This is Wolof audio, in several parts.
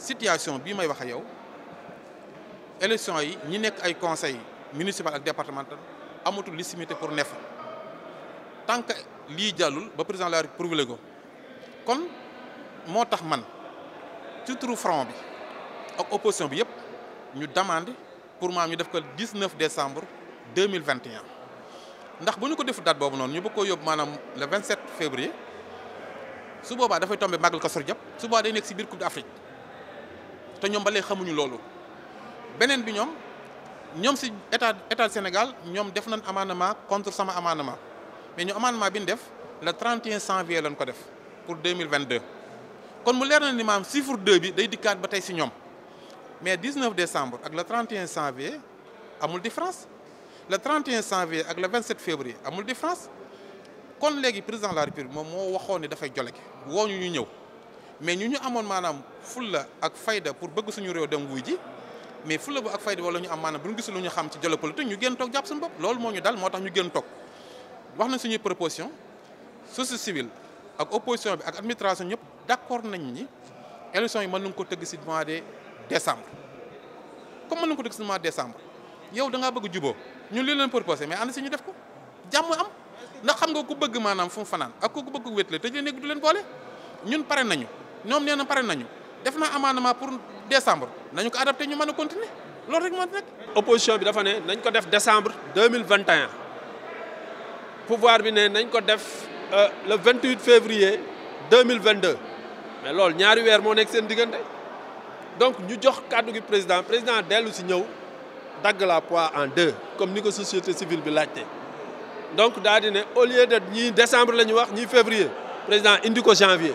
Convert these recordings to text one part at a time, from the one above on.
situation bi may wax yow élection yi ñi nekk ay conseil municipal ak départemental amatu légitimité pour ne tant que li jàllul ba président de la République prouvé ko kon motax man ci turu front bi ak opposition bi yépp ñu demande pour ma ñu def ko 19 décembre 2021 ndax buñu ko def date bobu non ñu bëgg koo yóbbu le 27 février su fay tomber magal ko Kazu Rajab su boba day nekk ci bir Coupe d'Afrique te ñom balé xamuñu loolu benen bi ñom ñom si état état Sénégal ñom def nañ amendement contre sama amendement mais ñu amendement bi def le 31 janvier lañ ko def pour 2022 kon mu leer na ni maam 6 2 bi day dikkat ba tay ci ñom mais 19 décembre ak le 31 janvier amul différence le 31 janvier ak le 27 février amul différence kon légui président de la république moom mo waxone da fay jollé ki mais ñu ñu amoon maanaam fulla ak fayda pour bëgg suñu réew dem wuy ji mais fulla bu ak fayda wala ñu am manam bu ñu gisul lu ñu xam ci jël politique ñu gën tok japp suñu bop lool mo ñu dal motax ñu gën tok wax na suñu proposition société civile ak opposition bi ak administration ñep d'accord nañ ni élection yi mën ko tegg ci mois de décembre comme mën ko tegg ci mois de décembre yow da nga bëgg jubo ñu li leen proposer mais and ci ñu def ko jamm am ndax xam nga ku bëgg manam fu mu ak ku bëgg wétlé te jëne nekk du leen bolé ñun paré nañu ñom néna paré nañu def na amendement pour décembre nañu ko adapter ñu mëna continuer lool rek mo nekk. opposition bi dafa né nañ ko def décembre 2021 pouvoir bi né nañ ko def euh, le 28 février 2022 mais lool ñaari wër mo nek seen diggante donc ñu jox kàddu gi président président dellu ci ñëw dagg la poire en deux comme ni ko société civile bi laajte donc daa di ne au lieu de ñi décembre la wax ñi février président indi ko janvier.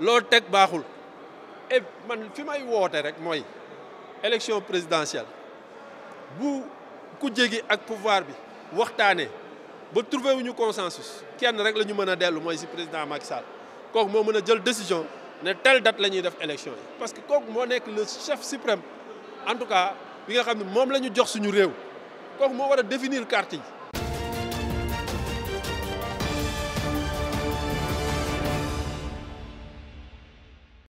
loolu teg baaxul et eh, man fi may rek mooy élection présidentielle bu ku jégi ak pouvoir bi waxtaanee ba trouvé wuñu consensus kenn rek la ñu mën a dellu mooy si président Macky Sall kooku moo mën jël décision ne telle date la ñuy def élection parce que kooku moo nekk le chef suprême en tout cas bi nga xam ne moom la ñu jox suñu réew kooku moo war définir carte yi.